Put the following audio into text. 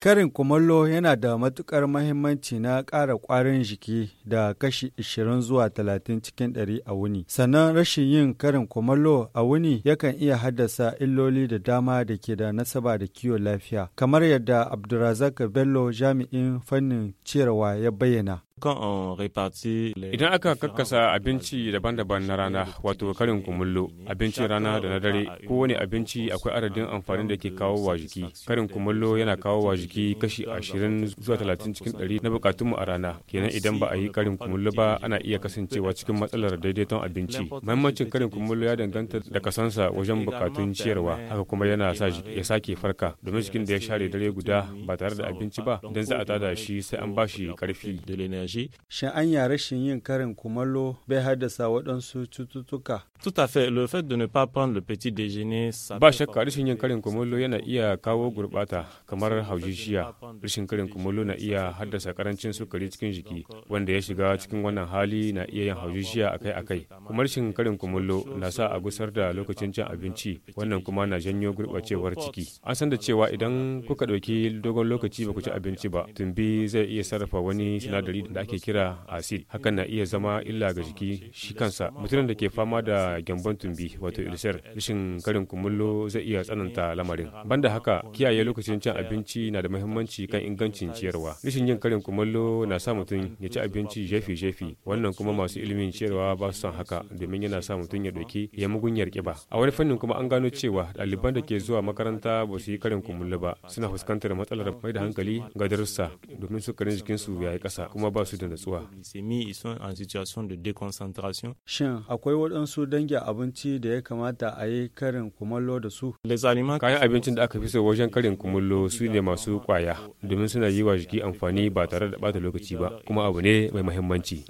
Karin kumallo yana da matuƙar mahimmanci na ƙara ƙwarin jiki da kashi 20 zuwa 30 cikin 100 a wuni. Sannan rashin yin karin kumallo a wuni yakan iya haddasa illoli da dama da ke da nasaba da kiwon lafiya, kamar yadda Abdulrazak Bello jami'in fannin ciyarwa ya bayyana. Idan aka kakkasa abinci daban-daban na rana wato karin kumullo, abincin rana da na dare, kowane abinci akwai adadin amfanin da ke kawo wa jiki. Karin kumullo yana kawo wa jiki kashi ashirin zuwa talatin cikin 100 na bukatunmu a rana. Kenan idan ba a yi karin kumullo ba ana iya kasancewa cikin matsalar daidaiton abinci. mahimmancin karin kumullo ya danganta da kasansa wajen bukatun ciyarwa, haka kuma yana sa ya sake farka domin jikin da ya share dare guda ba tare da abinci ba, dan za a tada shi sai an ba shi karfi. gidaje. Shin yi rashin yin karin kumallo bai haddasa waɗansu cututtuka? Tout à fait, le fait de ne pas prendre le petit déjeuner Ba shakka rashin yin karin kumallo yana iya kawo gurɓata kamar haujishiya. Rashin karin kumallo na iya haddasa karancin sukari cikin jiki euh, wanda ya shiga cikin wannan hali na iya yin haujishiya akai-akai. Kuma rashin karin kumallo na sa a gusar da lokacin cin abinci wannan kuma na janyo gurɓacewar ciki. An san da cewa idan kuka ɗauki dogon lokaci ba ku ci abinci ba, tumbi zai iya sarrafa wani sinadari da ake kira acid hakan na iya zama illa ga jiki shi kansa mutumin da ke fama da gyambon tumbi wato ulcer rashin karin kumullo zai iya tsananta lamarin banda haka kiyaye lokacin cin abinci na da muhimmanci kan ingancin ciyarwa rashin yin karin kumullo na sa mutum ya ci abinci jefi jefi wannan kuma masu ilimin ciyarwa ba su son haka domin yana sa mutum ya doki ya mugunyar kiba a wani fannin kuma an gano cewa ɗaliban da ke zuwa makaranta ba su yi karin kumullo ba suna fuskantar matsalar mai da hankali ga darussa domin sukarin jikinsu ya yi ƙasa kuma ba su da natsuwa. Shin akwai waɗansu dangin abinci da ya kamata a yi karin kumallo da su? Kayan abincin da aka fi so wajen karin kumallo su ne masu kwaya domin suna yi wa jiki amfani ba tare da ɓata lokaci ba kuma abu ne mai muhimmanci.